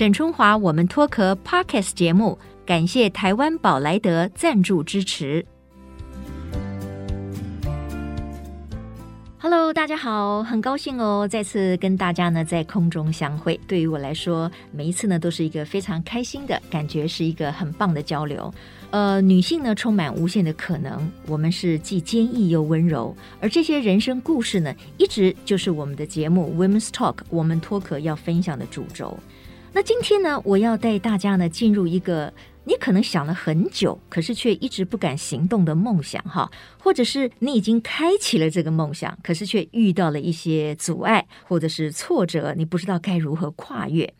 沈春華，我們脫殼 Podcast 節目，感謝台灣寶萊德贊助支持。Hello，大家好，很高興哦，再次跟大家呢在空中相會。對於我來說，每一次呢都是一個非常開心的感覺，是一個很棒的交流。呃，女性呢充滿無限的可能，我們是既堅毅又溫柔，而這些人生故事呢，一直就是我們的節目《Women's Talk》，我們脫殼要分享的主軸。那今天呢，我要帶大家呢進入一個你可能想了很久，可是卻一直不敢行動的夢想哈，或者是你已經開啟了這個夢想，可是卻遇到了一些阻礙或者是挫折，你不知道該如何跨越。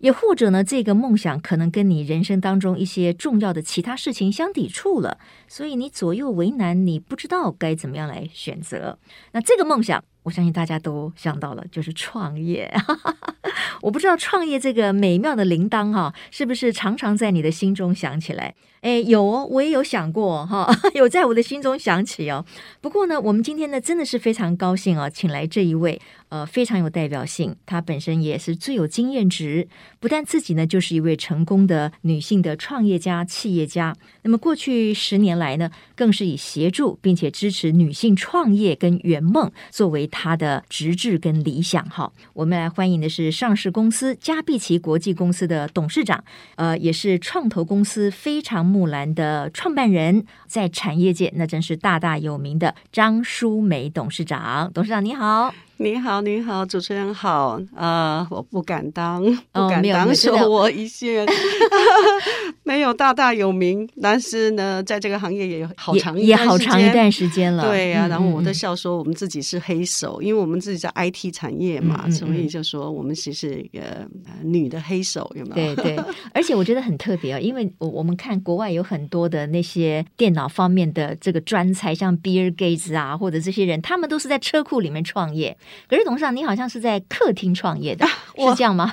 也或者呢，這個夢想可能跟你人生當中一些重要的其他事情相抵觸了，所以你左右為難，你不知道該怎麼樣來選擇。那這個夢想。我相信大家都想到了，就是創業。哈哈哈，我不知道創業這個美妙的鈴鐺哈、哦，是不是常常在你的心中響起來？哎，有哦，我也有想過哈，有在我的心中想起哦。不過呢，我們今天呢真的是非常高興啊，請來這一位呃非常有代表性，她本身也是最有經驗值，不但自己呢就是一位成功的女性的創業家、企業家，那麼過去十年來呢，更是以協助並且支持女性創業跟圓夢作為她的職志跟理想哈。我們來歡迎的是上市公司佳必琪國際公司的董事長，呃，也是創投公司非常木蘭的創辦人，在產業界那真是大大有名的張舒眉董事長。董事長你好。你好，你好，主持人好啊、呃，我不敢當，oh, 不敢當，說我一些沒，沒， 沒有大大有名，但是呢，在這個行業也有好長一段時間，也，也好長一段時間了。對啊，嗯嗯，然後我在笑說我們自己是黑手，因為我們自己在 IT 產業嘛，嗯嗯嗯，所以就說我們其實一個女的黑手有沒有？對對，而且我覺得很特別啊、哦，因為我我們看國外有很多的那些電腦方面的這個專才，像 Bill Gates 啊，或者這些人，他們都是在車庫裡面創業。可是董事長，你好像是在客廳創業的，是這樣嗎？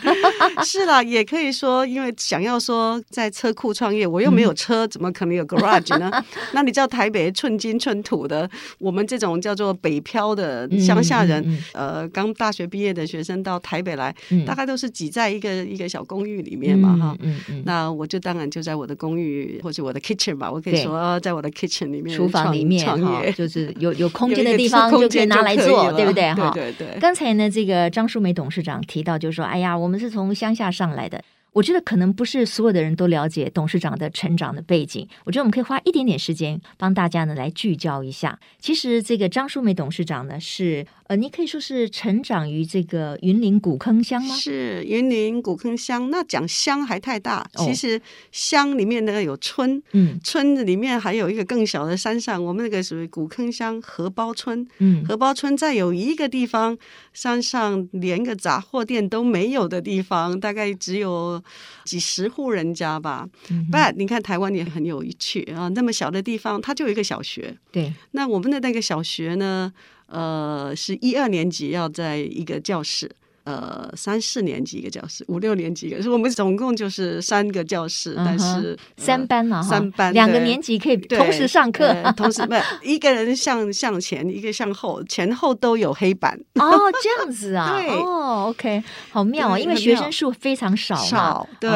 是啦，也可以說，因為想要說在車庫創業，我又沒有車，怎麼可能有 garage 呢？那你知道台北寸金寸土的，我們這種叫做北漂的鄉下人，呃，剛大學畢業的學生到台北來，大概都是擠在一個一個小公寓裡面嘛，哈。那我就當然就在我的公寓或是我的 kitchen 吧，我可以說在我的 kitchen 裡面，廚房裡面哈，就是有有空間的地方就可以拿來做，對不對？哈。剛才呢，這個張舒眉董事長提到，就說，哎呀，我們是從鄉下上來的。我覺得可能不是所有的人都了解董事長的成長的背景。我覺得我們可以花一點點時間，幫大家呢來聚焦一下。其實，這個張舒眉董事長呢是。呃，你可以說是成長於這個雲林古坑鄉嗎？是雲林古坑鄉，那講鄉還太大，其實鄉裡面呢有村，嗯、哦，村子裡面還有一個更小的山上，嗯、我們那個屬於古坑鄉荷包村，嗯，荷包村再有一個地方，山上連個雜貨店都沒有的地方，大概只有幾十戶人家吧。嗯、哼 But 你看台灣也很有趣啊，那麼小的地方，它就有一個小學，對，那我們的那個小學呢？呃，是一二年級要在一個教室。呃，三四年級一個教室，五六年級一個，所以我們總共就是三個教室，但是三班嘛，三班兩個年級可以同時上課，同時沒有一個人向向前，一個向後，前後都有黑板哦，這樣子啊，對，OK，好妙，因為學生數非常少，少對，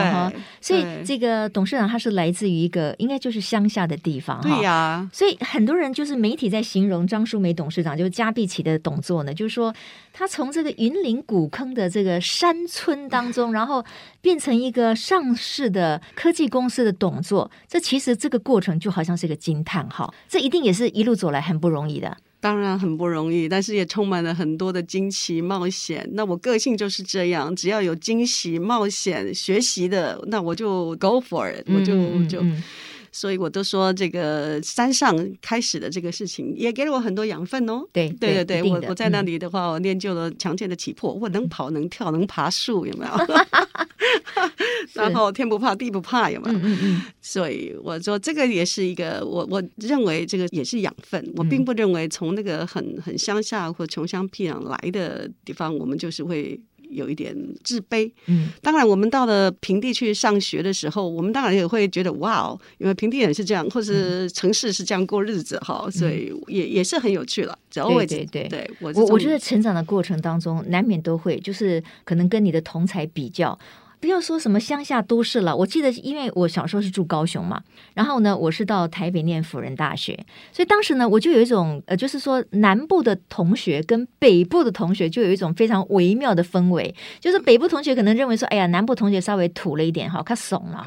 所以這個董事長他是來自於一個應該就是鄉下的地方，對呀，所以很多人就是媒體在形容張舒眉董事長就是佳必琪的董座呢，就是說。他從這個雲林古坑的這個山村當中，然後變成一個上市的科技公司的董座，這其實這個過程就好像是個驚嘆號，這一定也是一路走來很不容易的。當然很不容易，但是也充滿了很多的驚奇冒險。那我個性就是這樣，只要有驚喜、冒險、學習的，那我就 go for it，、嗯、我就我就。嗯嗯所以我都說，這個山上開始的這個事情也給了我很多養分哦對。對對對我我在那裡的話，我練就了強健的體魄，嗯、我能跑能跳能爬樹，有沒有？然後天不怕地不怕，有沒有？嗯嗯嗯所以我說，這個也是一個我我認為這個也是養分。我並不認為從那個很很鄉下或窮鄉僻壤來的地方，我們就是會。有一點自卑。嗯，當然，我們到了平地去上學的時候，嗯、我們當然也會覺得哇哦，因為平地人也是這樣，或是城市是這樣過日子哈，嗯、所以也也是很有趣了。只要對對對，對我我，我覺得成長的過程當中，難免都會，就是可能跟你的同儕比較。不要說什麼鄉下都市了，我記得，因為我小時候是住高雄嘛，然後呢，我是到台北念輔仁大學，所以當時呢，我就有一種呃，就是說南部的同學跟北部的同學就有一種非常微妙的氛圍，就是北部同學可能認為說，哎呀，南部同學稍微土了一點哈，他慫了。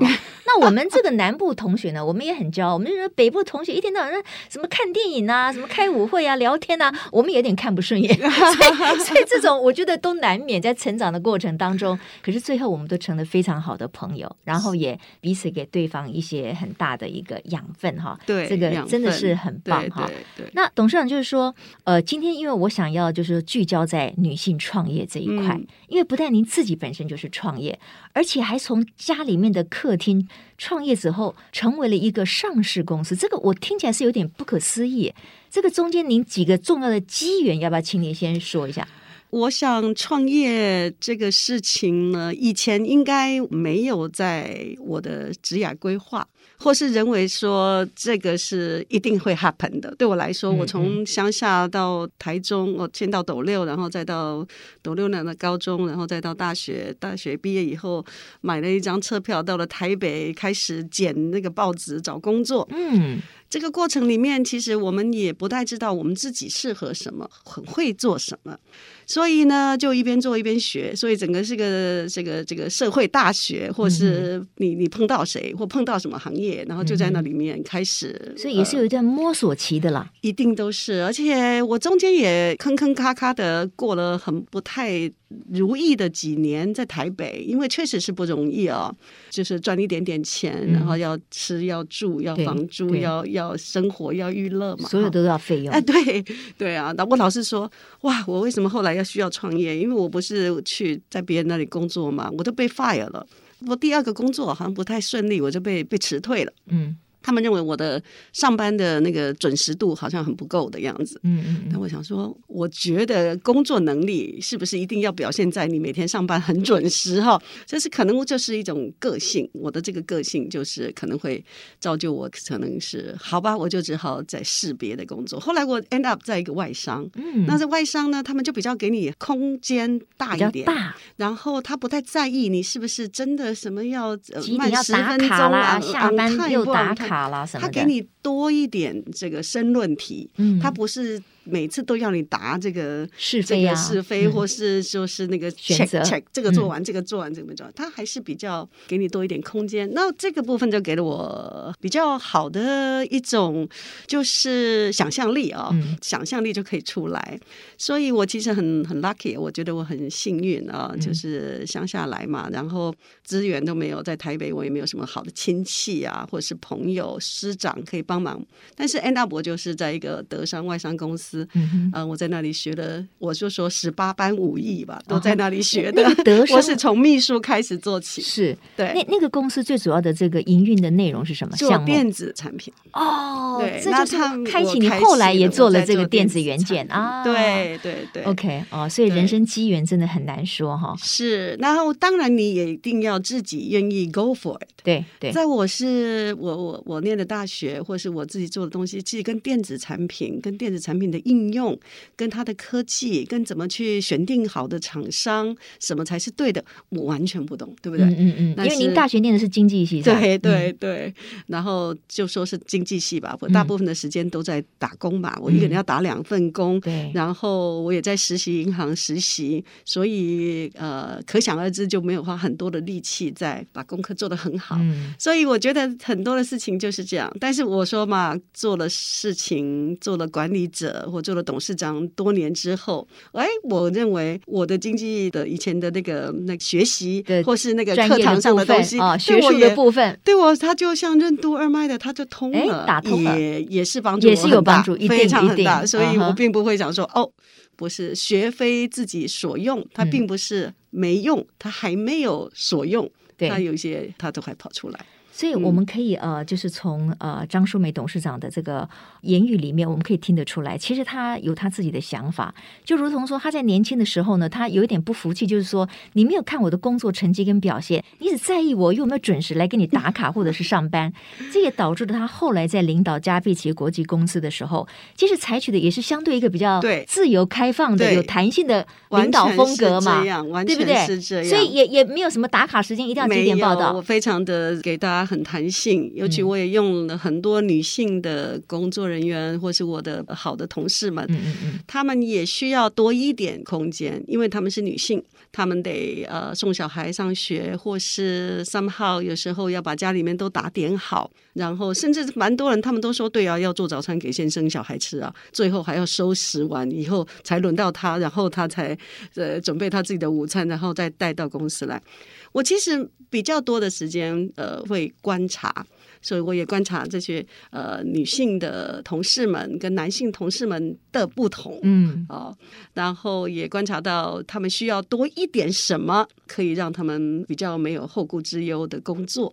那我們這個南部同學呢，我們也很驕傲，我們就覺得北部同學一天到晚說什麼看電影啊，什麼開舞會啊，聊天啊，我們也有點看不順眼。 所以，所以這種我覺得都難免在成長的過程當中，可是最後我們都。成了非常好的朋友，然後也彼此給對方一些很大的一個養分哈。對，這個真的是很棒哈。對，對，對，那董事長就是說，呃，今天因為我想要就是聚焦在女性創業這一塊，嗯，因為不但您自己本身就是創業，而且還從家裡面的客廳創業之後成為了一個上市公司，這個我聽起來是有點不可思議。這個中間您幾個重要的機緣，要不要請您先說一下？我想創業這個事情呢，以前應該沒有在我的職涯規劃，或是認為說這個是一定會 happen 的。對我來說，我從鄉下到台中，我、嗯嗯、先到斗六，然後再到斗六南的高中，然後再到大學。大學畢業以後，買了一張車票到了台北，開始撿那個報紙找工作。嗯。這個過程裡面，其實我們也不太知道我們自己適合什麼，很會做什麼，所以呢，就一邊做一邊學，所以整個是個這個這個社會大學，或是你你碰到誰，或碰到什麼行業，然後就在那裡面開始，嗯哼呃、所以也是有一段摸索期的啦，一定都是，而且我中間也坑坑咔咔的過了，很不太如意的幾年在台北，因為確實是不容易啊、哦，就是賺一點點錢，嗯、然後要吃、要住、要房租、要要生活、要娛樂嘛，所有都要費用。哎、對對啊，那我老是說哇，我為什麼後來要需要創業？因為我不是去在別人那裡工作嘛，我都被 fire 了。我第二個工作好像不太順利，我就被被辭退了。嗯。他們認為我的上班的那個準時度好像很不夠的樣子，嗯嗯。但我想說，我覺得工作能力是不是一定要表現在你每天上班很準時哈？這是可能，就是一種個性。我的這個個性就是可能會造就我，可能是好吧，我就只好再試別的工作。後來我 end up 在一個外商，嗯，那這外商呢，他們就比較給你空間大一點，大。然後他不太在意你是不是真的什麼要，呃，你要慢十分鐘啊，下班又打卡。嗯他給你多一點這個申論題，嗯，他不是。每次都要你答這個是非啊，這個是非，嗯、或是就是那個 check check，這個做完，這個做完，這個沒做完，他還是比較給你多一點空間。嗯、那這個部分就給了我比較好的一種，就是想象力啊、哦，嗯、想象力就可以出來。所以我其實很很 lucky，我覺得我很幸運啊，就是鄉下來嘛，嗯、然後資源都沒有，在台北我也沒有什麼好的親戚啊，或者是朋友師長可以幫忙。但是安大伯就是在一個德商外商公司。嗯嗯，我在那裡學的，我就說十八般武藝吧，都在那裡學的。我是從秘書開始做起，是對。那那個公司最主要的這個營運的內容是什麼？做電子產品哦，對，這就是開啟。你後來也做了這個電子元件啊，對對對。OK，哦，所以人生機緣真的很難說哈。是，然後當然你也一定要自己願意 go for it。對對，在我是我我我念的大學，或是我自己做的東西，自己跟電子產品，跟電子產品的。應用跟它的科技，跟怎麼去選定好的廠商，什麼才是對的，我完全不懂，對不對？嗯，嗯嗯。因為您大學念的是經濟系對？對對對。嗯、然後就說是經濟系吧，我大部分的時間都在打工吧，嗯、我一個人要打兩份工。嗯、然後我也在實習銀行實習，所以呃，可想而知就沒有花很多的力氣在把功課做得很好。嗯、所以我覺得很多的事情就是這樣，但是我說嘛，做了事情，做了管理者。我做了董事長多年之後，哎，我認為我的經濟的以前的那個那學習，對或是那個課堂上，上的東西，哦、對我學術的部分，對我他就像任督二脈的，他就通了，打通了，也，也是幫助我很大，我，有幫助，非常，非常很大。所以我並不會想說，uh huh、哦，不是學非自己所用，它並不是沒用，它還沒有所用，它、嗯、有一些它都會跑出來。所以我們可以呃，就是從呃張舒眉董事長的這個言語裡面，我們可以聽得出來，其實他有他自己的想法。就如同說他在年輕的時候呢，他有一點不服氣，就是說你沒有看我的工作成績跟表現，你只在意我有沒有準時來給你打卡或者是上班。 這也導致了他後來在領導佳必琪國際公司的時候，其實採取的也是相對一個比較自由開放的、有彈性的領導風格嘛對，對，對不對？所以也也沒有什麼打卡時間一定要幾點報道。我非常的給大家。很彈性，尤其我也用了很多女性的工作人員，嗯、或是我的好的同事們，他、嗯嗯嗯、們也需要多一點空間，因為他們是女性，他們得呃送小孩上學，或是 somehow 有時候要把家裡面都打點好，然後甚至蠻多人他們都說對啊，要做早餐給先生小孩吃啊，最後還要收拾完以後才輪到他，然後他才呃準備他自己的午餐，然後再帶到公司來。我其實比較多的時間，呃，會觀察，所以我也觀察這些呃女性的同事們跟男性同事們的不同，嗯，哦，然後也觀察到他們需要多一點什麼，可以讓他們比較沒有後顧之憂的工作。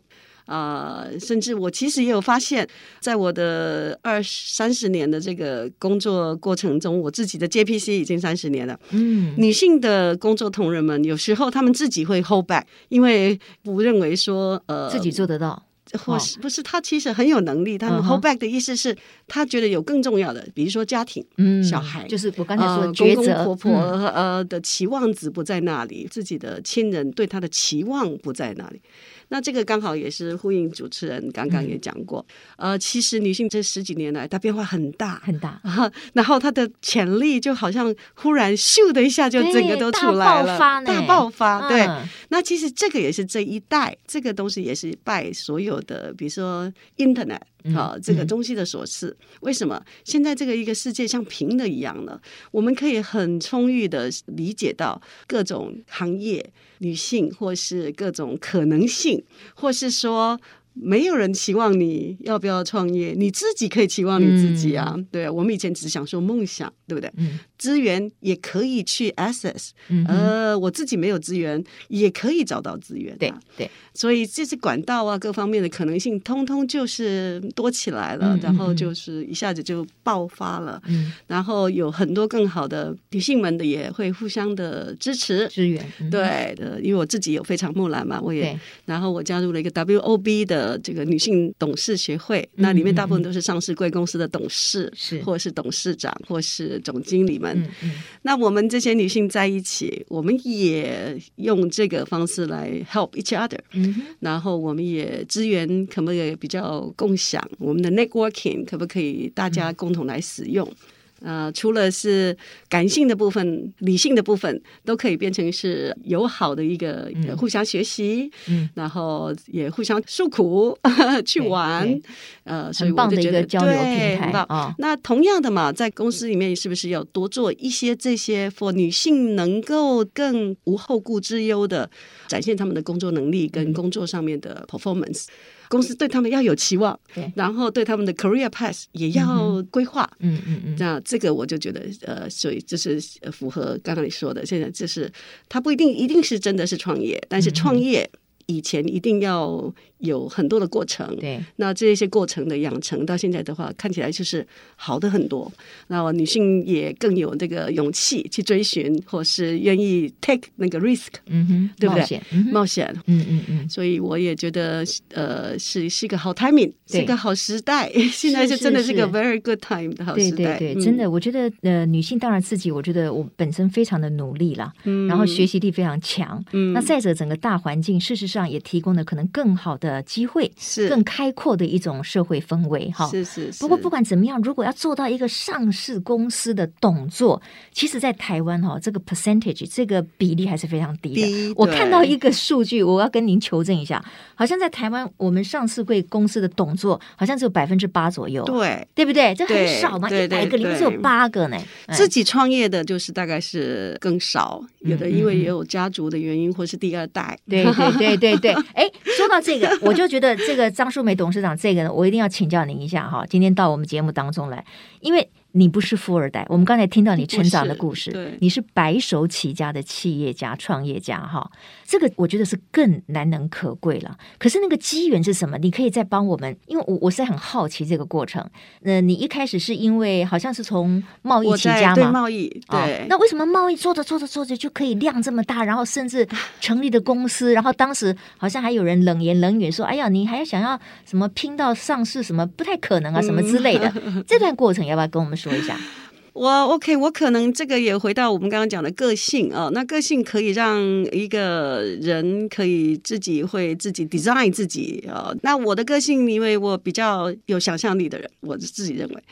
啊、呃，甚至我其實也有發現，在我的二三十年的這個工作過程中，我自己的 JPC 已經三十年了。嗯，女性的工作同仁們，有時候他們自己會 hold back，因為不認為說呃自己做得到。或是不是他其實很有能力？他們 hold back 的意思是，他覺得有更重要的，比如說家庭、嗯，小孩，就是我剛才說公公婆婆呃的期望值不在那裡，自己的親人對他的期望不在那裡。那這個剛好也是呼應主持人剛剛也講過，呃，其實女性這十幾年來，她變化很大很大，然後她的潛力就好像忽然咻的一下就整個都出來了，爆發！大爆發！對，那其實這個也是這一代，這個東西也是拜所有。的，比如說 Internet 啊，嗯、這個東西的所示。嗯、為什麼現在這個一個世界像平的一樣呢？我們可以很充裕的理解到各種行業、女性，或是各種可能性，或是說。沒有人期望你要不要創業，你自己可以期望你自己啊。嗯、對，我們以前只享受夢想，對不對？嗯、資源也可以去 access、嗯哼。呃，我自己沒有資源，也可以找到資源、啊對。對對，所以這些管道啊，各方面的可能性，通通就是多起來了，嗯、然後就是一下子就爆發了。嗯、然後有很多更好的女性們的也會互相的支持支援。對的、嗯哼呃，因為我自己有非常木蘭嘛，我也對然後我加入了一個 WOB 的。這個女性董事協會，那裡面大部分都是上市櫃公司的董事，嗯嗯嗯、或是董事長，或是總經理們。嗯嗯，那我們這些女性在一起，我們也用這個方式來 help each other、嗯哼。然後我們也資源可不可以比較共享？我們的 networking 可不可以大家共同來使用？嗯呃，除了是感性的部分、嗯、理性的部分，都可以變成是友好的一個互相學習、嗯，嗯，然後也互相訴苦呵呵，去玩，呃，所以我就覺得對。那同樣的嘛，在公司裡面是不是要多做一些這些，for 女性能夠更無後顧之憂的展現她們的工作能力跟工作上面的 performance？嗯公司對他們要有期望，對然後對他們的 career path 也要規劃，嗯嗯哼嗯，那這個我就覺得，呃，所以就是符合剛剛你說的，現在就是他不一定一定是真的是創業，但是創業以前一定要。有很多的過程，對，那這些過程的養成，到現在的話，看起來就是好的很多。那女性也更有這個勇氣去追尋，或是願意 take 那個 risk，嗯哼，對不對？冒險，冒險，嗯嗯嗯。所以我也覺得，呃，是是一個好 timing，是一個好時代。現在就真的是個 very good time 的好時代。對對對，真的，我覺得，呃，女性當然自己，我覺得我本身非常的努力啦，嗯，然後學習力非常強，嗯，那再者，整個大環境事實上也提供了可能更好的。呃，機會是更開闊的一種社會氛圍哈。是是。不過不管怎麼樣，如果要做到一個上市公司的董座，其實，在台灣哈，這個 percentage 這個比例還是非常低的。我看到一個數據，我要跟您求證一下，好像在台灣，我們上市櫃公司的董座好像只有百分之八左右，對，對不對？這很少嘛，對對對對，一百個裡面只有八個呢。嗯、自己創業的，就是大概是更少，有的因為也有家族的原因，或是第二代。對對對對對。哎，說到這個。 我就覺得這個張舒眉董事長，這個呢我一定要請教您一下哈，今天到我們節目當中來，因為。你不是富二代，我們剛才聽到你成長的故事，故事你是白手起家的企業家、創業家哈。這個我覺得是更難能可貴了。可是那個機緣是什麼？你可以再幫我們，因為我我是很好奇這個過程。那、呃、你一開始是因為好像是從貿易起家嘛？貿易對。Oh, 那為什麼貿易做着做着做着就可以量這麼大？然後甚至成立的公司， 然後當時好像還有人冷言冷語說：“哎呀，你還想要什麼拼到上市？什麼不太可能啊，什麼之類的。” 這段過程要不要跟我們說？說一下，我 OK，我可能這個也回到我們剛剛講的個性啊，那個性可以讓一個人可以自己會自己 design 自己啊。那我的個性，因為我比較有想象力的人，我自己認為。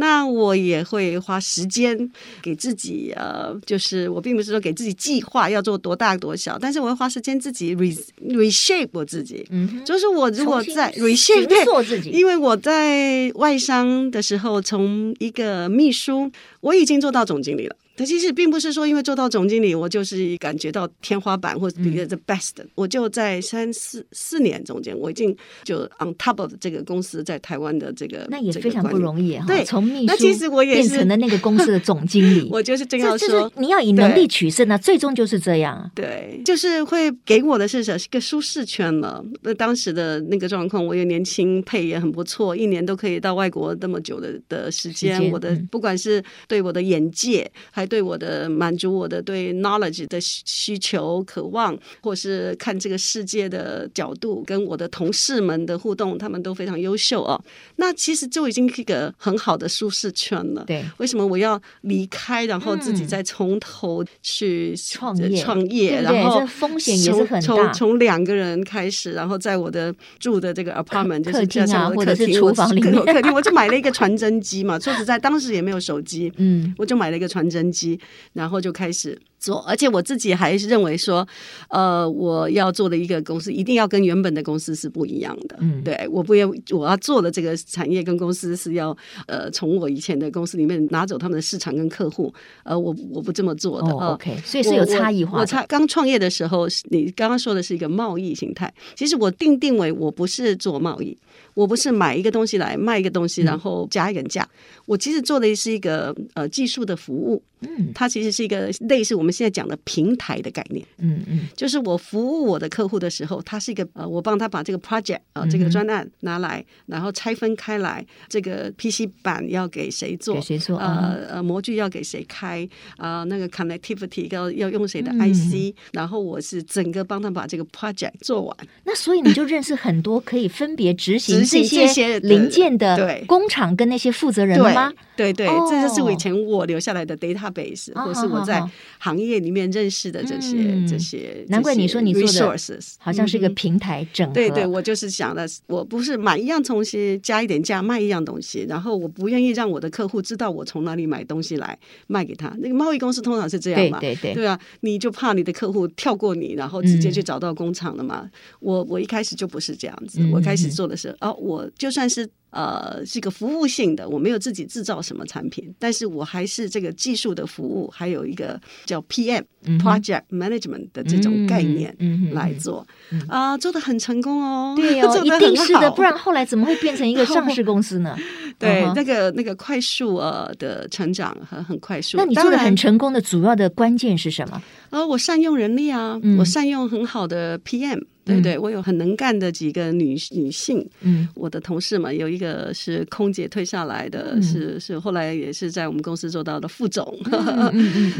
那我也會花時間給自己，呃，就是我並不是說給自己計劃要做多大多小，但是我會花時間自己 re reshape 我自己，嗯哼，就是我如果在 reshape 自己，因為我在外商的時候，從一個秘書，我已經做到總經理了。那其實並不是說，因為做到總經理，我就是感覺到天花板或者別的 best、嗯。我就在三四四年中間，我已經就 on top of 這個公司在台灣的這個，那也非常不容易哈。對，從那其實我也變成了那個公司的總經理，我， 我就是真要說，你要以能力取勝、啊，那 最終就是這樣。對，就是會給我的是是一個舒適圈了。那當時的那個狀況，我也年輕，配也很不錯，一年都可以到外國這麼久的的時間，時間我的、嗯、不管是對我的眼界還對我的滿足，我的對 knowledge 的需求、渴望，或是看這個世界的角度，跟我的同事們的互動，他們都非常優秀哦。那其實就已經是一個很好的舒適圈了。對，為什麼我要離開，然後自己再從頭去創業？嗯、創業，然後從對對，這風險也是很大從。從兩個人開始，然後在我的住的這個 apartment、啊、就是這樣的客廳、是廚房裡面客廳，我就買了一個傳真機嘛。 說實在，當時也沒有手機，嗯，我就買了一個傳真機。嗯。然後就開始。做，而且我自己還是認為說，呃，我要做的一個公司一定要跟原本的公司是不一樣的。嗯，對，我不要，我要做的這個產業跟公司是要呃，從我以前的公司裡面拿走他們的市場跟客戶。呃，我我不這麼做的。哦，OK。呃，所以是有差異化。我差，剛創業的時候，你剛剛說的是一個貿易形態，其實我定定位我不是做貿易，我不是買一個東西來賣一個東西，嗯、然後加一個價。我其實做的是一個呃技術的服務。嗯，它其實是一個類似我們。我現在講的平台的概念，嗯嗯，就是我服務我的客戶的時候，他是一個呃，我幫他把這個 project 啊、呃，嗯、哼這個專案拿來，然後拆分開來，這個 PC 板要給誰做？給誰做啊？呃，嗯、呃，模具要給誰開？啊、呃，那個 connectivity 要要用誰的 IC？、嗯、然後我是整個幫他把這個 project 做完。那所以你就認識很多可以分別執行這些 這些零件的工廠跟那些負責人嗎？對？對對，哦、這就是我以前我留下來的 database、啊、或是我在行、啊。好好營業裡面認識的這些、嗯、這些，這些 resources。難怪你說你做的好像是一個平台整合、嗯、對對，我就是想的，我不是買一樣東西加一點價賣一樣東西，然後我不願意讓我的客戶知道我從哪裡買東西來賣給他。那個貿易公司通常是這樣嘛，對對對，對、啊、你就怕你的客戶跳過你，然後直接去找到工廠了嘛。嗯、我我一開始就不是這樣子，嗯、哼我開始做的是哦，我就算是。呃，這個服務性的，我沒有自己製造什麼產品，但是我還是這個技術的服務，還有一個叫 PM、mm hmm. Project Management 的這種概念來做，mm hmm. 啊，做得很成功哦，對哦，一定是的，不然後來怎麼會變成一個上市公司呢？對，uh huh. 那個那個快速呃的成長和很快速，那你做得很成功的然主要的關鍵是什麼？呃，我善用人力啊，我善用很好的 PM。嗯、對對，我有很能幹的幾個女女性，嗯，我的同事嘛，有一個是空姐退下來的，是、嗯、是，是後來也是在我們公司做到的副總，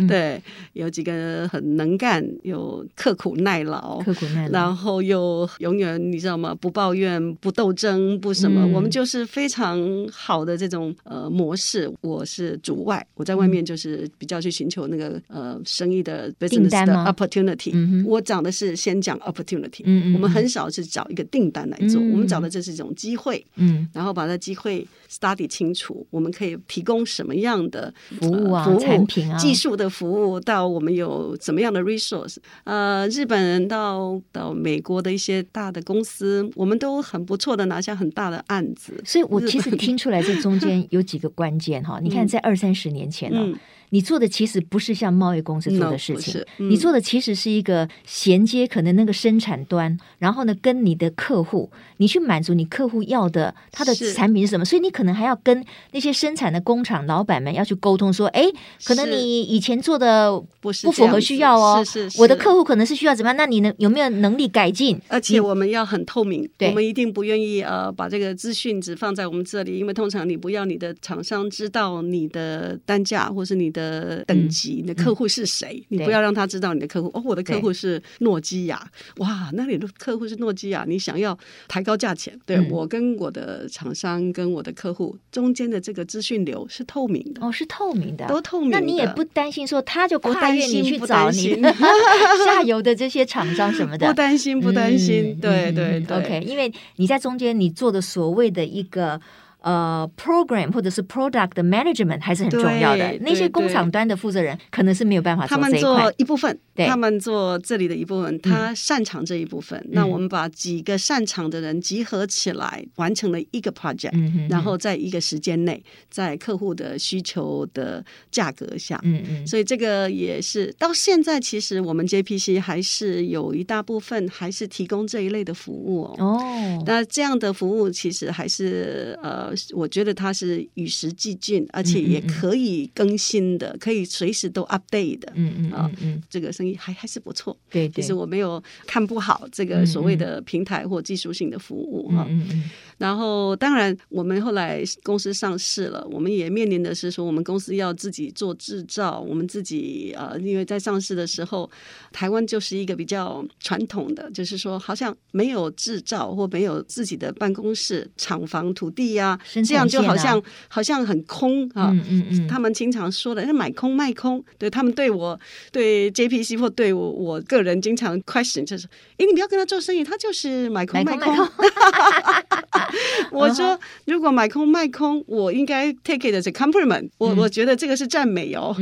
對，有幾個很能幹又刻苦耐勞，刻苦耐勞，然後又永遠你知道嗎？不抱怨，不鬥爭，不什麼，嗯、我們就是非常好的這種呃模式。我是主外，嗯、我在外面就是比較去尋求那個呃生意的 business opportunity。我講的是先講 Opportunity。我們很少是找一個訂單來做，嗯、我們找的這是一種機會，嗯，然後把它機會 study 清楚，我們可以提供什麼樣的服務啊、呃、服務產品啊，技術的服務到我們有怎麼樣的 resource，呃，日本人到到美國的一些大的公司，我們都很不錯的拿下很大的案子，所以我其實你聽出來這中間有幾個關鍵哈， 你看在二三十年前呢，哦。嗯嗯你做的其實不是像貿易公司做的事情，no, 是嗯、你做的其實是一個銜接，可能那個生產端，嗯、然後呢，跟你的客戶，你去滿足你客戶要的，他的產品是什麼？是所以你可能還要跟那些生產的工廠老板們要去溝通，說，哎是，可能你以前做的不符合需要哦。是是，是是，我的客戶可能是需要怎麼樣？那你能有沒有能力改進？而且我們要很透明，你對我們一定不願意呃把這個資訊只放在我們這裡，因為通常你不要你的廠商知道你的單價或是你的。呃，等級，你的客戶是誰？你不要讓他知道你的客戶哦。我的客戶是諾基亞，哇，那你的客戶是諾基亞，你想要抬高價錢？對我跟我的廠商跟我的客戶中間的這個資訊流是透明的，哦，是透明的，都透明。那你也不擔心說他就不擔心你去找你下游的這些廠商什麼的？不擔心，不擔心。對對對，OK，因為你在中間你做的所謂的一個。呃，program 或者是 product management 還是很重要的。那些工廠端的負責人可能是沒有辦法做這一塊。他們做一部分，對他們做這裡的一部分，他擅長這一部分。嗯、那我們把幾個擅長的人集合起來，嗯、完成了一個 project，、嗯、然後在一個時間內，在客戶的需求的價格下，嗯嗯。所以這個也是到現在，其實我們 JPC 還是有一大部分還是提供這一類的服務哦。哦，那這樣的服務其實還是呃。我覺得它是與時俱進，而且也可以更新的，嗯嗯，可以隨時都 update 的。嗯嗯，嗯、啊、這個生意還還是不錯。對，對，其實我沒有看不好這個所謂的平台或技術性的服務哈。啊、嗯嗯嗯，然後，當然我們後來公司上市了，我們也面臨的是說，我們公司要自己做制造，我們自己啊、呃，因為在上市的時候，台灣就是一個比較傳統的，就是說好像沒有制造或沒有自己的辦公室、廠房、土地呀、啊。這樣就好像好像很空啊！嗯嗯,嗯他們經常說的，哎、買空賣空，對他們對我對 JPC 或對我我個人經常 question，就是，哎，你不要跟他做生意，他就是買空賣空。買空買空 我說， 如果買空賣空，我應該 take it as a compliment。我、嗯、我覺得這個是讚美哦。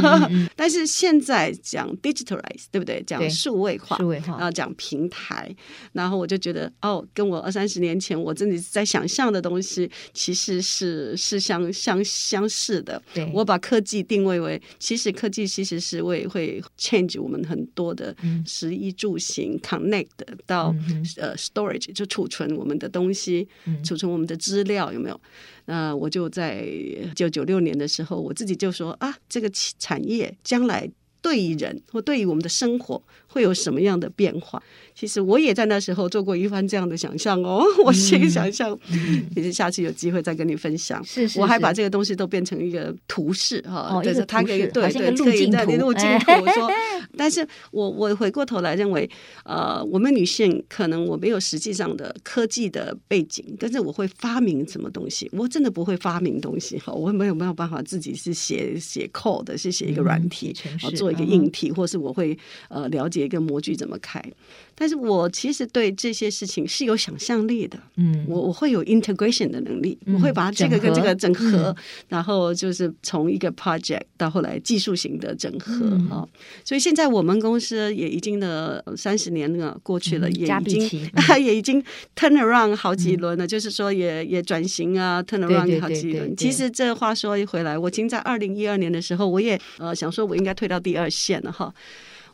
但是現在講 digitalize，對不對？講數位化，數位化，然後講平台，然後我就覺得，哦，跟我二三十年前我真的在想象的東西。其實是是相相相似的。對，我把科技定位為，其實科技其實是會會 change 我們很多的，嗯，食衣住行，connect 到、嗯、哼呃 storage 就儲存我們的東西，嗯、儲存我們的資料有沒有？那、呃、我就在一九九六年的時候，我自己就說啊，這個產業將來對於人、嗯、或對於我們的生活。會有什麼樣的變化？其實我也在那時候做過一番這樣的想象哦。我先想象，也是下次有機會再跟你分享。是，我還把這個東西都變成一個圖示哈，就是它一個對對，一個路徑圖，一個路徑圖。說，但是我我回過頭來認為，呃，我們女性可能我沒有實際上的科技的背景，但是我會發明什麼東西？我真的不會發明東西哈。我沒有沒有辦法自己是寫寫 code，是寫一個軟體，然後做一個硬體，或是我會呃了解。一個模具怎麼開？但是我其實對這些事情是有想象力的，嗯，我我會有 integration 的能力，嗯、我會把這個跟這個整合，嗯、然後就是從一個 project 到後來技術型的整合哈、嗯哦。所以現在我們公司也已經的三十年了過去了，嗯、也已經、嗯、 也已經 turn around 好幾輪了，嗯、就是說也也轉型啊，turn around 好幾輪。其實這話說一回來，我已經在二零一二年的時候，我也呃想說我應該退到第二線了哈。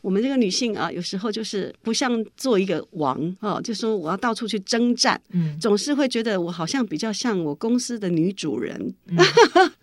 我們這個女性啊，有時候就是不像做一個王哈，哦，就說我要到處去征戰，嗯，總是會覺得我好像比較像我公司的女主人。嗯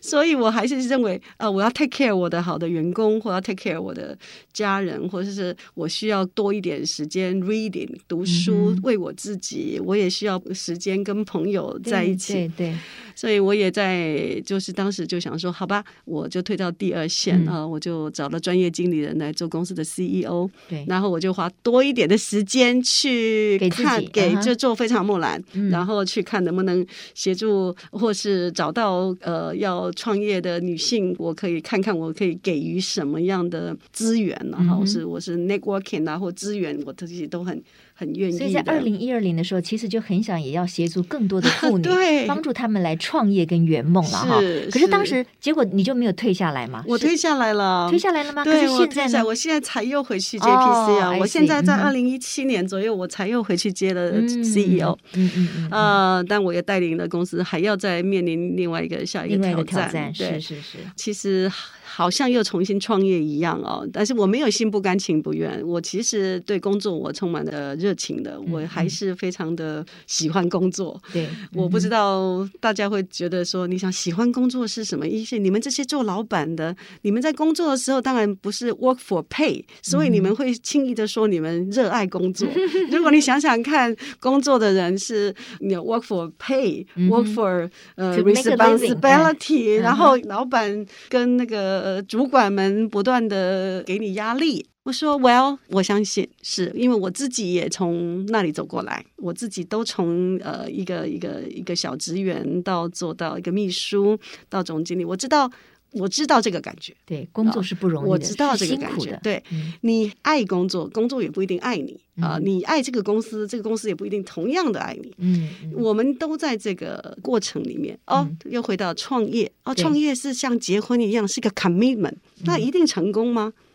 所以，我還是認為，呃，我要 take care 我的好的員工，或要 take care 我的家人，或者是我需要多一點時間 reading 讀書，為我自己，我也需要時間跟朋友在一起。對，對對，所以我也在，就是當時就想說，好吧，我就退到第二線、嗯、啊，我就找了專業經理人來做公司的 CEO。對，然後我就花多一點的時間去看，給，給、啊、哈就做非常木蘭，嗯、然後去看能不能協助或是找到呃。要創業的女性，我可以看看我可以給予什麼樣的資源，嗯嗯，然後是我是 networking 啊，或資源，我自己都很。很願意，所以在二零一二年的時候，其實就很想也要協助更多的婦女，幫助他們來創業跟圓夢了哈。可是當時結果你就沒有退下來嘛？我退下來了，退下來了嗎？對，現在。我現在才又回去接 JPC 啊！我現在在二零一七年左右，我才又回去接了 CEO。嗯嗯嗯。啊，但我也帶領了公司還要再面臨另外一個下一個挑戰，對，是是是，其實。好像又重新創業一樣哦，但是我沒有心不甘情不願。我其實對工作我充滿了熱情的，我還是非常的喜歡工作。對、mm，hmm. 我不知道大家會覺得說，你想喜歡工作是什麼意思？你們這些做老板的，你們在工作的時候當然不是 work for pay，、mm hmm. 所以你們會輕易的說你們熱愛工作。 如果你想想看，工作的人是 you know, work for pay，work for、uh, responsibility，、mm hmm. 然後老板跟那個。呃，主管們不斷地給你壓力。我說，Well，我相信是因為我自己也從那裡走過來，我自己都從呃一個一個一個小職員到，到做到一個秘書，到總經理，我知道。我知道這個感覺，對，工作是不容易的，哦、我知道這個感覺，是辛苦的，對、嗯、你愛工作，工作也不一定愛你啊。呃嗯、你愛這個公司，這個公司也不一定同樣的愛你。嗯,嗯，我們都在這個過程裡面。哦，嗯、又回到創業。哦，對創業是像結婚一樣，是個 commitment。那一定成功嗎？嗯嗯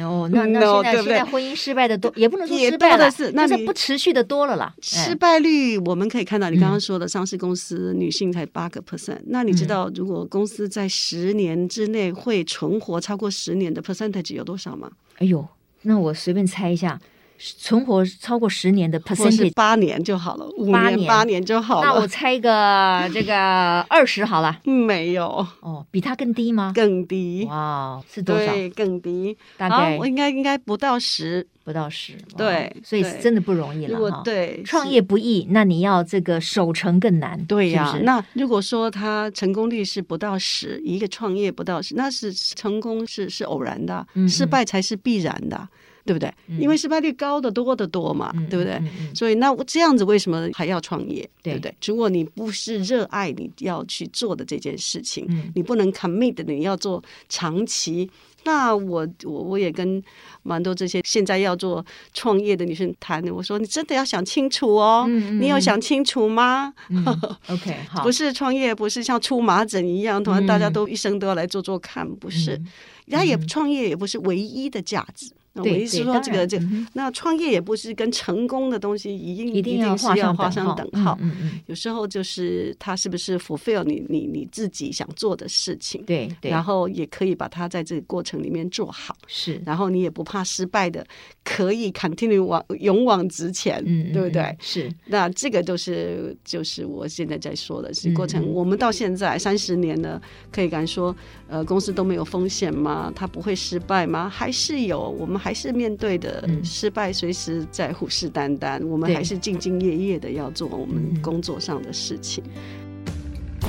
哦，那那現在對對現在婚姻失敗的多，也不能說失敗了的是，那是不持續的多了啦。失敗率我們可以看到，你剛剛說的上市公司女性才八個 percent。嗯。那你知道，如果公司在十年之內會存活超過十年的 percentage 有多少嗎？哎呦，那我隨便猜一下。存活超過十年的，或是八年就好了，八年八年就好了。那我猜一個，這個二十好了。沒有哦，比他更低嗎？更低。哇，是多少？對，更低。大概我應該應該不到十，不到十。對，所以真的不容易了哈。對，創業不易，那你要這個守成更難。對呀，那如果說他成功率是不到十，一個創業不到十，那是成功是是偶然的，失敗才是必然的。對不對？因為失敗率高得多得多嘛，對不對？所以那我這樣子為什麼還要創業？對不對？如果你不是熱愛你要去做的這件事情，你不能 commit，你要做長期。那我我我也跟蠻多這些現在要做創業的女生談，我說你真的要想清楚哦，你有想清楚嗎？OK，好，不是創業，不是像出麻疹一樣，突然大家都一生都要來做做看，不是？他也創業也不是唯一的價值。那我意思說，這個這、嗯、那創業也不是跟成功的東西一定一定要畫上等號。有時候就是它是不是 fulfill 你你你自己想做的事情？對，對，然後也可以把它在這個過程裡面做好。是，然後你也不怕失敗的，可以 continue 往勇往直前，嗯、對不對？是，那這個就是就是我現在在說的是過程。嗯、我們到現在三十年了，可以敢說呃公司都沒有風險嗎？它不會失敗嗎？還是有我們。還是面對的失敗，隨時在虎視眈眈。嗯、我們還是兢兢業業的要做我們工作上的事情。嗯、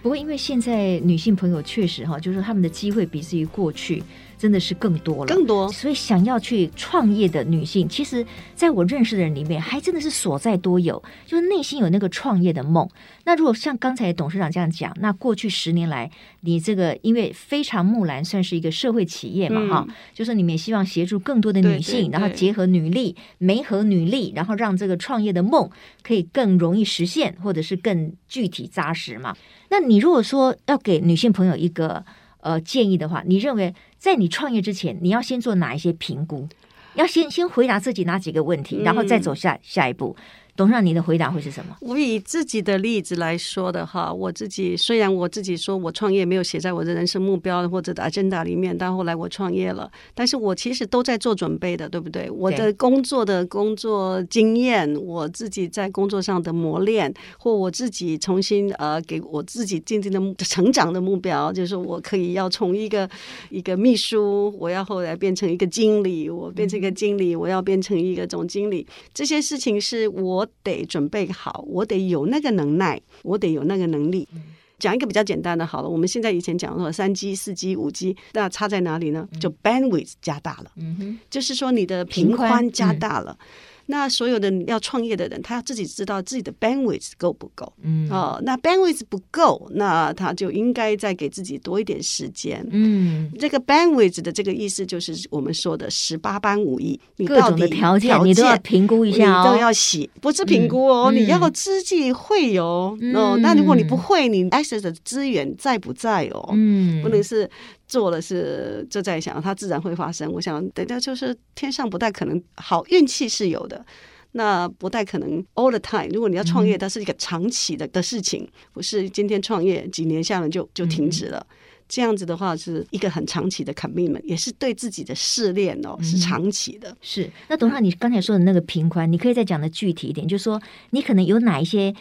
不過，因為現在女性朋友確實哈，就是他們的機會，比自己過去。真的是更多了，更多。所以想要去創業的女性，其實在我認識的人裡面，還真的是所在多有，就是內心有那個創業的夢。那如果像剛才董事長這樣講，那過去十年來，你這個因為非常木蘭算是一個社會企業嘛，嗯、哈，就是你們也希望協助更多的女性，對對對，然後結合女力、媒合女力，然後讓這個創業的夢可以更容易實現，或者是更具體紮實嘛。那你如果說要給女性朋友一個呃建議的話，你認為？在你創業之前，你要先做哪一些評估？要先先回答自己哪幾個問題，嗯、然後再走下下一步。董事長，你的回答會是什麼？我以自己的例子來說的哈，我自己雖然我自己說我創業沒有寫在我的人生目標或者的 agenda 裡面，但後來我創業了，但是我其實都在做準備的，對不對？我的工作的工作經驗，我自己在工作上的磨練，或我自己重新呃給我自己定定的成長的目標，就是我可以要從一個一個秘書，我要後來變成一個經理，我變成一個經理，我要變成一個，經理，我要變成一個總經理，嗯。這些事情是我。我得準備好，我得有那個能耐，我得有那個能力。嗯、講一個比較簡單的，好了，我們現在以前講說三 G、四 G、五 G，那差在哪裡呢？嗯、就 bandwidth 加大了，嗯、哼就是說你的頻寬加大了。寬那所有的要創業的人，他要自己知道自己的 bandwidth 夠不夠，嗯，哦、那 bandwidth 不夠，那他就應該再給自己多一點時間，嗯，這個 bandwidth 的這個意思就是我們說的十八般武藝，你到底各種的條件，你都要評估一下、哦、你都要寫，不是評估哦，嗯、你要知己會哦，那如果你不會，你 access 的資源在不在哦，嗯，不能是。做了是就在想，它自然會發生。我想，等下就是天上不太可能好運氣是有的，那不太可能 all the time。如果你要創業，它是一個長期的、嗯、的事情，不是今天創業幾年下來就就停止了。嗯、這樣子的話，是一個很長期的 commitment，也是對自己的試煉哦，嗯、是長期的。是，那董事長你剛才說的那個頻寬，嗯、你可以再講的具體一點，就是說你可能有哪一些。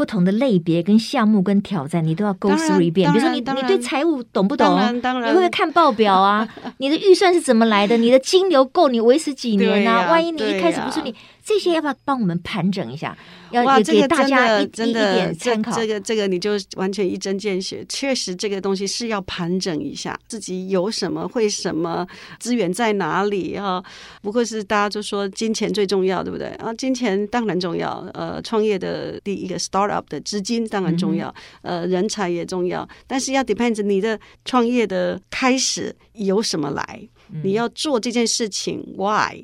不同的類別跟項目跟挑戰，你都要構思一遍。比如說你，你然你對財務懂不懂？當然當然你會不會看報表啊？ 你的預算是怎麼來的？你的金流夠你維持幾年呢、啊？啊、萬一你一開始不是你。這些要不要幫我們盤整一下？要一哇，這個大家真的，這這個這個你就完全一針見血。確實，這個東西是要盤整一下自己有什麼，會什麼資源在哪裡哈、啊。不會，是大家就說金錢最重要，對不對？啊，金錢當然重要。呃，創業的第一個 start up 的資金當然重要。嗯、呃，人才也重要，但是要 depends 你的創業的開始由什麼來？嗯、你要做這件事情，why？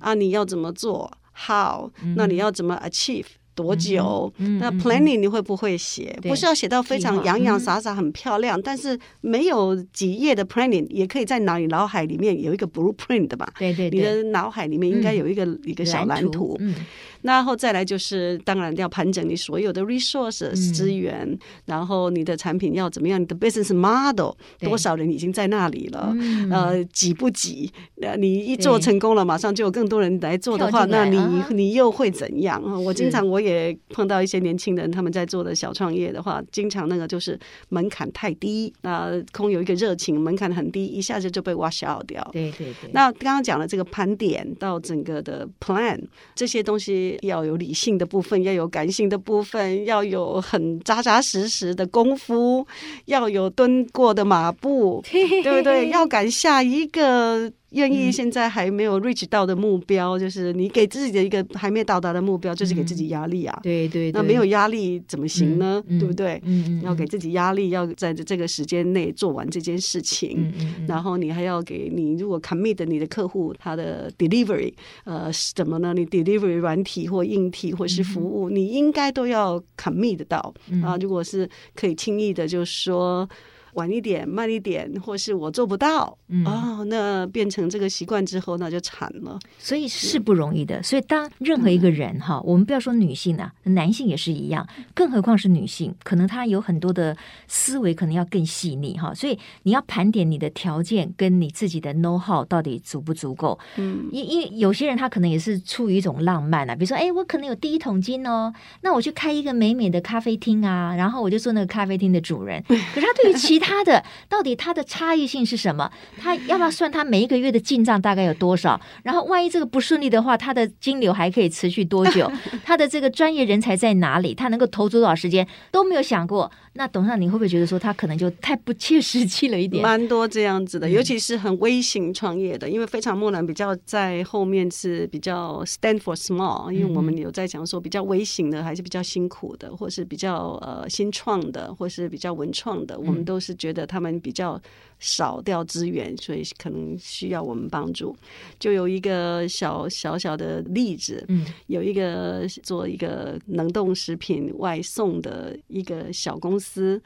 啊，你要怎麼做？How? 那你要怎麼 achieve 多久？嗯、那 planning 你會不會寫？嗯、不是要寫到非常洋洋灑灑、很漂亮，對但是沒有幾頁的 planning、嗯、也可以在腦、腦海裡面有一個 blueprint 的吧？對，對對，你的腦海裡面應該有一個、嗯、一個小藍圖。藍圖嗯然後再來就是，當然要盤整你所有的 resources 資源，嗯、然後你的產品要怎麼樣？你的 business model 對多少人已經在那裡了？嗯、呃，擠不擠？你一做成功了，對馬上就有更多人來做的話，那你、啊、你又會怎樣？是我經常我也碰到一些年輕人，他們在做的小創業的話，經常那個就是門檻太低，那、呃、空有一個熱情，門檻很低，一下子就被 wash out 掉。對對,對。那剛剛講的這個盤點到整個的 plan 這些東西。要有理性的部分，要有感性的部分，要有很扎扎實實的功夫，要有蹲過的馬步， 對不對？要敢下一個。願意現在還沒有 reach 到的目標，嗯、就是你給自己的一個還沒有到達的目標，就是給自己壓力啊。嗯、對，對對，那沒有壓力怎麼行呢？嗯嗯、對不對？嗯嗯、要給自己壓力，要在這個時間內做完這件事情。嗯嗯、然後你還要給你，如果 commit 你的客戶他的 delivery，呃，是怎麼呢？你 delivery 軟體或硬體或是服務，嗯、你應該都要 commit 到啊。嗯、如果是可以輕易的，就是說。晚一點，慢一點，或是我做不到、嗯、哦，那變成這個習慣之後，那就慘了。所以是不容易的。對所以當任何一個人哈，嗯、我們不要說女性啊，男性也是一樣，更何況是女性，可能她有很多的思維可能要更細膩哈。所以你要盤點你的條件跟你自己的 know how 到底足不足夠。嗯，因因為有些人他可能也是出於一種浪漫啊，比如說哎、欸，我可能有第一桶金哦，那我去開一個美美的咖啡廳啊，然後我就做那個咖啡廳的主人。可是他對於其他。 他的到底他的差異性是什麼？他要不要算他每一個月的進賬大概有多少？然後萬一這個不順利的話，他的金流還可以持續多久？ 他的這個專業人才在哪裡？他能夠投資多少時間？都沒有想過。那董事長，你會不會覺得說他可能就太不切實際了一點？蠻多這樣子的，尤其是很微型創業的，嗯、因為非常木蘭比較在後面是比較 stand for small，、嗯、因為我們有在講說比較微型的還是比較辛苦的，或是比較呃新創的，或是比較文創的，嗯、我們都是。覺得他們比較，少掉資源，所以可能需要我們幫助。就有一個小小小的例子，嗯、有一個做一個冷凍食品外送的一個小公司，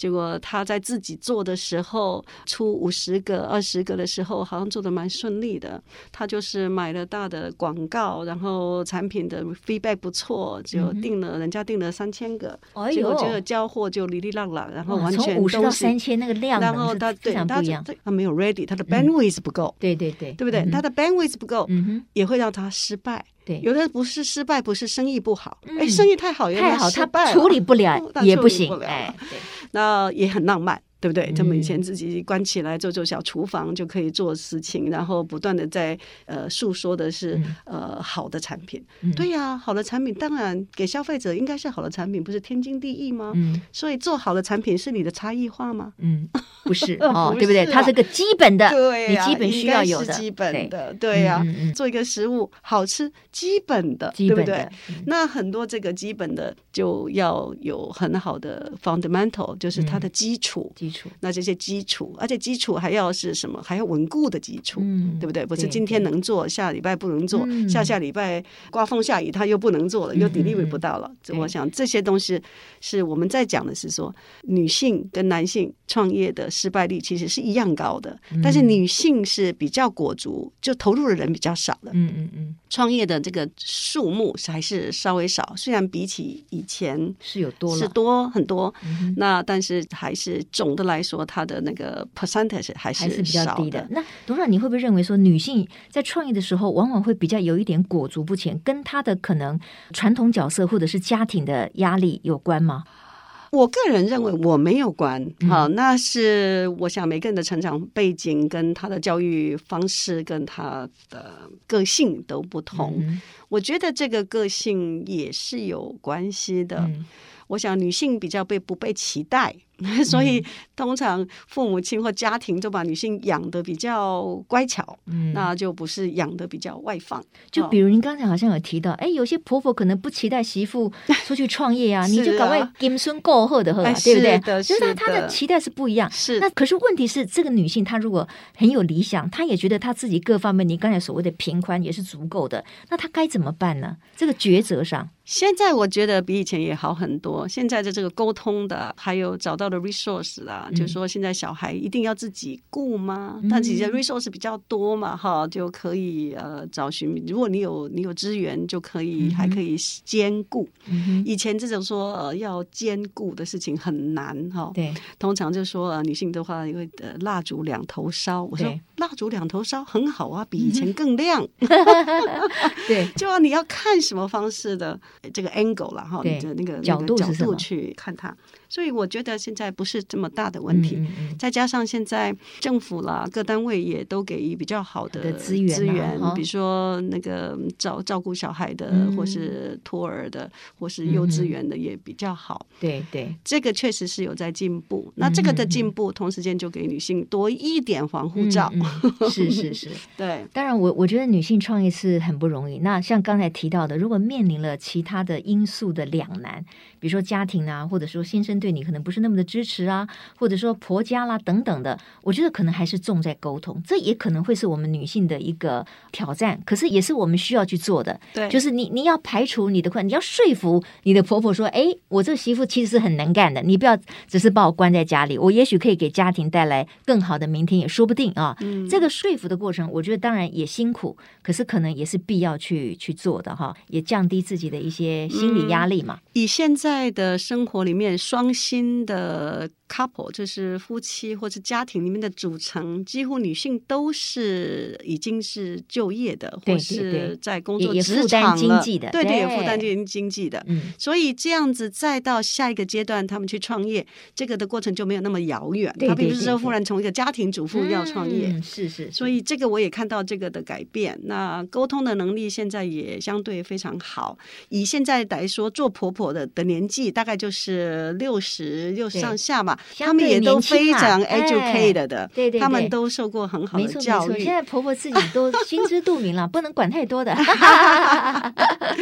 結果他在自己做的時候，出五十個、二十個的時候，好像做的蠻順利的。他就是買了大的廣告，然後產品的 feedback 不錯，就訂了，人家訂了三千個，哎呦、嗯哼，結果這個交貨就里里浪浪，然後完全從五十到三千那個量，然後他對。他沒有 ready，他的 bandwidth 不夠，對對對，對不對？他的 bandwidth 不夠，也會讓他失敗。對，有的不是失敗，不是生意不好，哎，生意太好，太好，他處理不了，也不行。哎，那也很浪漫。對不對？他們以前自己關起來做做小廚房就可以做事情，然後不斷的在呃訴說的是呃好的產品。對呀，好的產品當然給消費者應該是好的產品，不是天經地義嗎？所以做好的產品是你的差異化嗎？嗯，不是哦，對不對？它是個基本的，你基本需要有的。基本的，對呀。做一個食物好吃，基本的，對不對？那很多這個基本的就要有很好的 fundamental，就是它的基礎。那這些基礎，而且基礎還要是什麼？還要穩固的基礎，嗯、對不對？不是今天能做，對下禮拜不能做，嗯、下下禮拜颳風下雨他又不能做了，又 deliver 不到了。嗯、我想這些東西是我們在講的，是說對女性跟男性創業的失敗率其實是一樣高的，嗯、但是女性是比較裹足，就投入的人比較少的。嗯嗯。嗯嗯。創業的這個數目還是稍微少，雖然比起以前是，多多是有多了，是多很多，那但是還是總的來說，它的那個 percentage 還，還是比較低的。那董事長，你會不會認為說，女性在創業的時候，往往會比較有一點裹足不前，跟她的可能傳統角色或者是家庭的壓力有關嗎？我個人認為我沒有關，哈、嗯，那是我想每個人的成長背景、跟他的教育方式、跟他的個性都不同。嗯、我覺得這個個性也是有關係的。嗯、我想女性比較被不被期待。嗯、所以通常父母親或家庭就把女性養得比較乖巧，嗯、那就不是養得比較外放。就比如您剛才好像有提到，哎、哦，有些婆婆可能不期待媳婦出去創業啊， 啊你就趕快好就好、啊。金聲過後的，對不對？是的就是她,她的期待是不一樣。是的那可是問題是，這個女性她如果很有理想，她也覺得她自己各方面，你剛才所謂的頻寬也是足夠的，那她該怎麼辦呢？這個抉擇上，現在我覺得比以前也好很多。現在的這,這個溝通的，還有找到的 resource 啦，就說現在小孩一定要自己顧嗎？但其實 resource 比較多嘛，哈，就可以呃找尋。如果你有你有資源，就可以還可以兼顧。以前這種說呃要兼顧的事情很難哈。對，通常就說女性的話，因為蠟燭兩頭燒。我說蠟燭兩頭燒很好啊，比以前更亮。對，就你要看什麼方式的這個 angle 了哈，你的那個角度角度，去看它。所以我覺得現在不是這麼大的問題，嗯嗯嗯，再加上現在政府啦，各單位也都給予比較好的資源，資源啊、比如說那個照照顧小孩的，嗯嗯，或是托兒的，或是幼稚園的也比較好。對對、嗯哼，這個確實是有在進步。對對，那這個的進步，嗯嗯嗯，同時間就給女性多一點防護罩、嗯嗯。是是是， 對。當然我，我我覺得女性創業是很不容易。那像剛才提到的，如果面臨了其他的因素的兩難，比如說家庭啊，或者說先生。對你可能不是那麼的支持啊，或者說婆家啦等等的，我覺得可能還是重在溝通，這也可能會是我們女性的一個挑戰，可是也是我們需要去做的。對，就是你你要排除你的困，你要說服你的婆婆說，哎，我這媳婦其實是很能幹的，你不要只是把我關在家裡，我也許可以給家庭帶來更好的明天，也說不定啊。嗯，這個說服的過程，我覺得當然也辛苦，可是可能也是必要去去做的哈，也降低自己的一些心理壓力嘛。嗯，以現在的生活裡面雙新的。couple 就是夫妻或者家庭裡面的組成，幾乎女性都是已經是就業的，或是在工作職場了，也負擔經濟的，對，對對，也負擔經濟對對擔經濟的。所以這樣子，再到下一個階段，他們去創業，這個的過程就沒有那麼遙遠。對對對對他並不是說忽然從一個家庭主婦要創業，嗯、是是。嗯、所以這個我也看到這個的改變。那溝通的能力現在也相對非常好。以現在來說，做婆婆的的年紀大概就是六十、六十上下吧。啊、他們也都非常 educated 的。哎，對對，對，他們都受過很好的教育。現在婆婆自己都心知肚明了， 不能管太多的。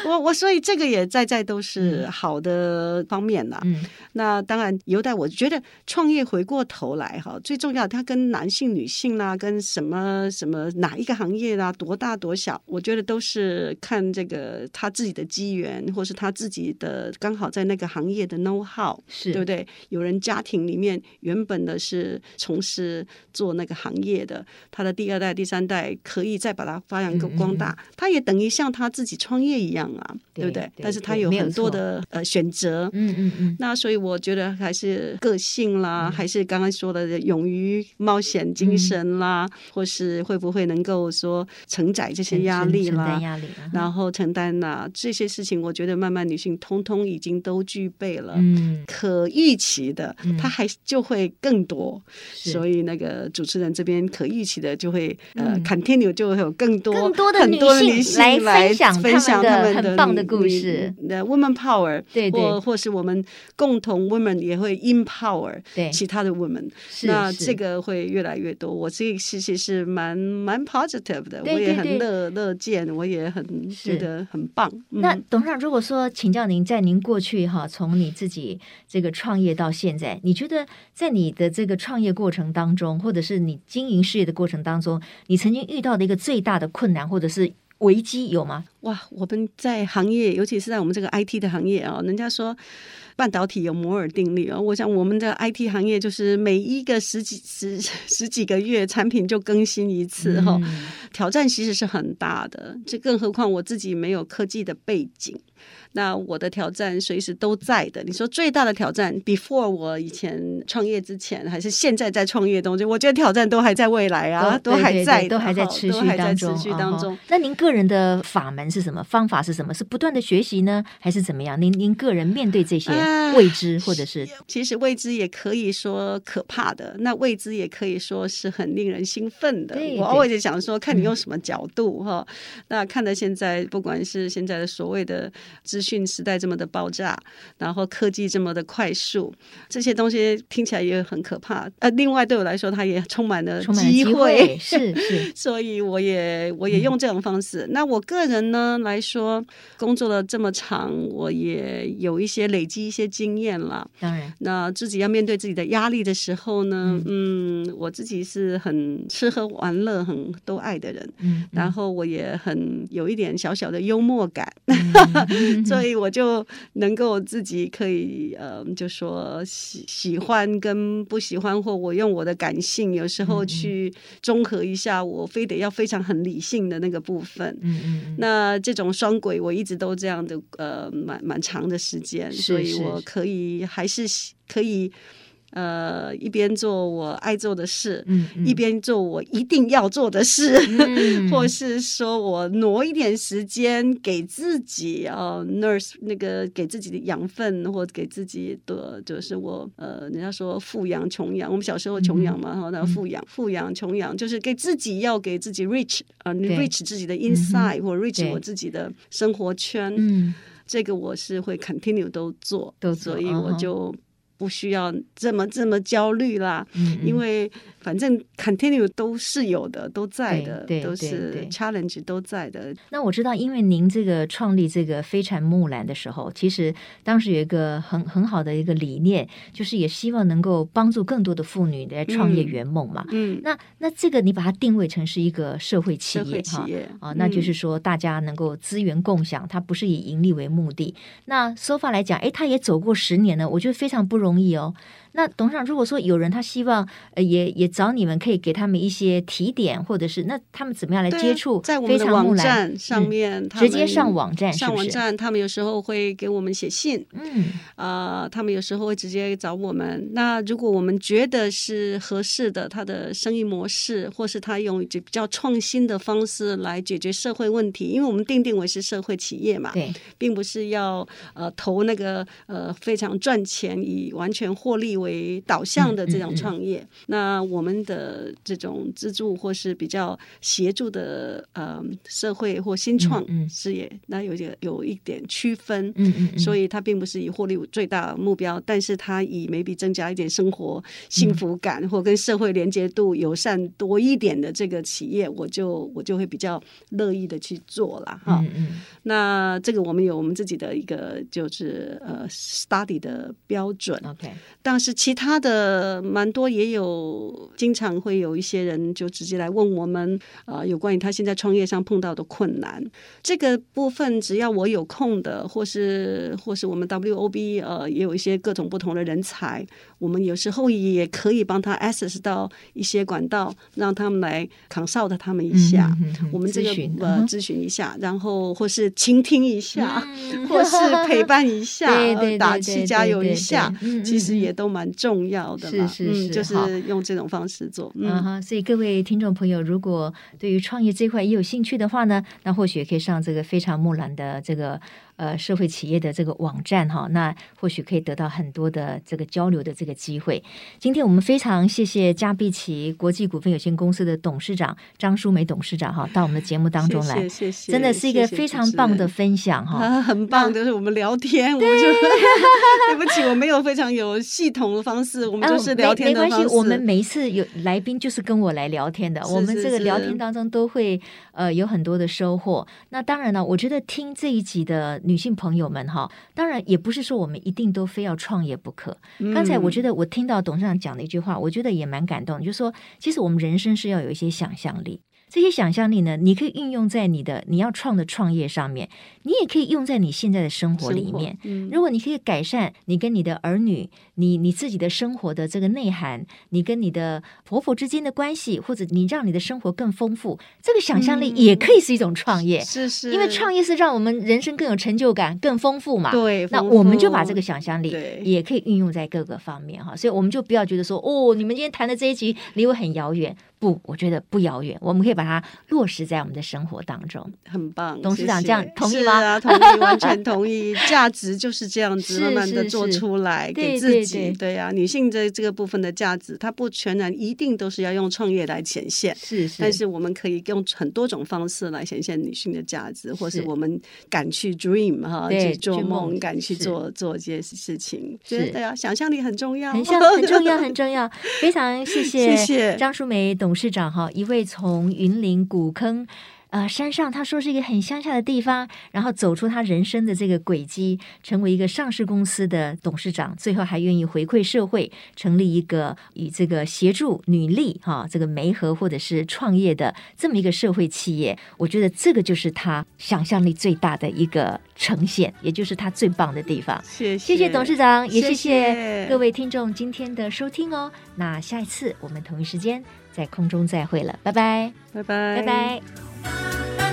我我所以這個也在在都是好的方面啦。嗯、那當然，尤待我覺得創業回過頭來哈，最重要，他跟男性、女性啦，跟什麼什麼哪一個行業啦，多大多小，我覺得都是看這個他自己的機緣，或是他自己的剛好在那個行業的 know how，是對不對？有人教。家庭裡面原本的是從事做那個行業的，他的第二代、第三代可以再把它發揚光大，嗯嗯，他也等於像他自己創業一樣啊，對，對不對？對對，但是他有很多的呃選擇，嗯嗯嗯。那所以我覺得還是個性啦，嗯、還是剛剛說的勇於冒險精神啦，嗯嗯，或是會不會能夠說承載這些壓力啦，力啊、然後承擔吶、啊、這些事情，我覺得慢慢女性通通已經都具備了，嗯，可預期的。他還就會更多，嗯、所以那個主持人這邊可預期的就會、嗯、呃，continue 就會有更多更多的女性來分享分享他們的很棒的故事，那 women power 對對，或或是我們共同 women 也會 empower 對其他的 women，那這個會越來越多。我這個事情是蠻蠻 positive 的，對對對我也很樂對對樂見，我也很是覺得很棒。嗯、那董事長如果說，請教您在您過去哈，從你自己這個創業到現在。你覺得在你的這個創業過程當中，或者是你經營事業的過程當中，你曾經遇到的一個最大的困難或者是危機有嗎？哇，我們在行業，尤其是在我們這個 IT 的行業啊、哦，人家說半導體有摩爾定律啊、哦，我想我們的 IT 行業就是每一個十幾十十幾個月產品就更新一次哈、哦，嗯，挑戰其實是很大的。這更何況我自己沒有科技的背景。那我的挑戰隨時都在的。你說最大的挑戰，before 我以前創業之前，還是現在在創業當中？我覺得挑戰都還在未來啊，都、都還在，都還在持續當中，續當中好好。那您個人的法門是什麼？方法是什麼？是不斷的學習呢，還是怎麼樣？您您個人面對這些未知、呃、或者是……其實未知也可以說可怕的，那未知也可以說是很令人興奮的。對對對，我 always 就想說，看你用什麼角度哈、嗯哦。那看到現在，不管是現在的所謂的知。訊時代這麼的爆炸，然後科技這麼的快速，這些東西聽起來也很可怕。呃，另外對我來說，它也充滿了機會，是是，是 所以我也我也用這種方式。嗯、那我個人呢來說，工作了這麼長，我也有一些累積一些經驗了。當然，那自己要面對自己的壓力的時候呢，嗯，嗯，我自己是很吃喝玩樂很多愛的人，嗯，嗯，然後我也很有一點小小的幽默感。嗯嗯 所以我就能夠自己可以，呃，就說喜喜歡跟不喜歡，或我用我的感性有時候去綜合一下，我非得要非常很理性的那個部分。嗯嗯嗯。那這種雙軌，我一直都這樣的，呃，蠻蠻，蠻長的時間，是是是。所以我可以還是可以。呃，一邊做我愛做的事，一邊做我一定要做的事，或是說我挪一點時間給自己啊，nurse 那個給自己的養分，或給自己的就是我呃，人家說富養窮養，我們小時候窮養嘛，然後富養富養窮養，就是給自己要給自己 reach 啊，reach 自己的 inside 或 reach 我自己的生活圈，這個我是會 continue 都做，所以我就。不需要這麼這麼焦慮啦，嗯嗯，因為。反正 continue 都是有的，都在的，對對對對都是 challenge 都在的。那我知道，因為您這個創立這個非常木蘭的時候，其實當時有一個很很好的一個理念，就是也希望能夠幫助更多的婦女來創業圓夢嘛嗯。嗯，那那這個你把它定位成是一個社會企業哈啊，那就是說大家能夠資源共享，它不是以盈利為目的。那 so far 來講，哎，它也走過十年了，我覺得非常不容易哦。那董事長，如果說有人他希望，呃，也也。找你們可以給他們一些提點，或者是那他們怎麼樣來接觸？在我們的網站上面，嗯、他們直接上網站是不是？上網站。他們有時候會給我們寫信，嗯，啊、呃，他們有時候會直接找我們。那如果我們覺得是合適的，他的生意模式，或是他用就比較創新的方式來解決社會問題，因為我們定定為是社會企業嘛，對、嗯，並不是要呃投那個呃非常賺錢以完全獲利為導向的這種創業。嗯嗯嗯、那我。我們的這種資助或是比較協助的呃社會或新創事業，嗯嗯、那有點有一點區分，嗯嗯，嗯嗯所以它並不是以獲利最大目標，但是它以每筆增加一點生活幸福感或跟社會連接度友善多一點的這個企業，嗯、我就我就會比較樂意的去做了哈。嗯，嗯那這個我們有我們自己的一個就是呃 study 的標準，OK，但是其他的蠻多也有。經常會有一些人就直接來問我們啊、呃，有關於他現在創業上碰到的困難這個部分，只要我有空的，或是或是我們 WOB 呃，也有一些各種不同的人才，我們有時候也可以幫他 access 到一些管道，讓他們來 consult 他們一下，嗯嗯嗯、我們這個諮詢呃諮詢一下，嗯、然後或是傾聽一下，嗯、或是陪伴一下，打氣加油一下，其實也都蠻重要的嘛，是是是嗯，就是用這種方法。方式做，嗯哈，uh-huh, 所以各位聽眾朋友，如果對於創業這塊也有興趣的話呢，那或許也可以上這個非常木蘭的這個。呃，社會企業的這個網站哈，那或許可以得到很多的這個交流的這個機會。今天我們非常謝謝佳必琪國際股份有限公司的董事長張舒眉董事長哈，到我們的節目當中來，謝謝，謝謝，真的是一個非常棒的分享哈，啊，很棒，就是我們聊天，那我們就對， 對不起，我沒有非常有系統的方式，我們就是聊天的方式，啊，沒沒關係，我們每一次有來賓就是跟我來聊天的，是是是我們這個聊天當中都會呃，有很多的收穫。那當然了，我覺得聽這一集的女性朋友們哈，當然也不是說我們一定都非要創業不可。嗯。剛才我覺得我聽到董事長講的一句話，我覺得也蠻感動，就是說其實我們人生是要有一些想象力。這些想象力呢，你可以運用在你的你要創的創業上面，你也可以用在你現在的生活裡面。嗯，如果你可以改善你跟你的兒女。你你自己的生活的這個內涵，你跟你的婆婆之間的關係，或者你讓你的生活更豐富，這個想象力也可以是一種創業，是、嗯、是，是。因為創業是讓我們人生更有成就感、更豐富嘛。對，那我們就把這個想象力也可以運用在各個方面對哈。所以我們就不要覺得說，哦，你們今天談的這一集離我很遙遠。不，我覺得不遙遠，我們可以把它落實在我們的生活當中，很棒。謝謝。董事長，這樣同意嗎？啊，同意，完全同意。 價值就是這樣子，慢慢的做出來，是是是，給自己。對呀、啊，女性的這個部分的價值，它不全然一定都是要用創業來顯現，是，是，但是我們可以用很多種方式來顯現女性的價值，是或是我們敢去 dream 是哈，去做夢，去夢敢去做是做這些事情。是對啊呀，想象力很重要，很重要，很重要。 非常謝謝，謝謝張舒眉董事長哈，一位從雲林古坑。呃，山上他說是一個很鄉下的地方，然後走出他人生的這個軌跡，成為一個上市公司的董事長，最後還願意回饋社會，成立一個以這個協助女力哈、啊，這個媒合或者是創業的這麼一個社會企業。我覺得這個就是他想象力最大的一個呈現，也就是他最棒的地方。謝謝，謝謝董事長，也謝謝，謝，謝各位聽眾今天的收聽哦。那下一次我們同一時間，在空中再會了，拜拜，拜拜 bye，拜拜。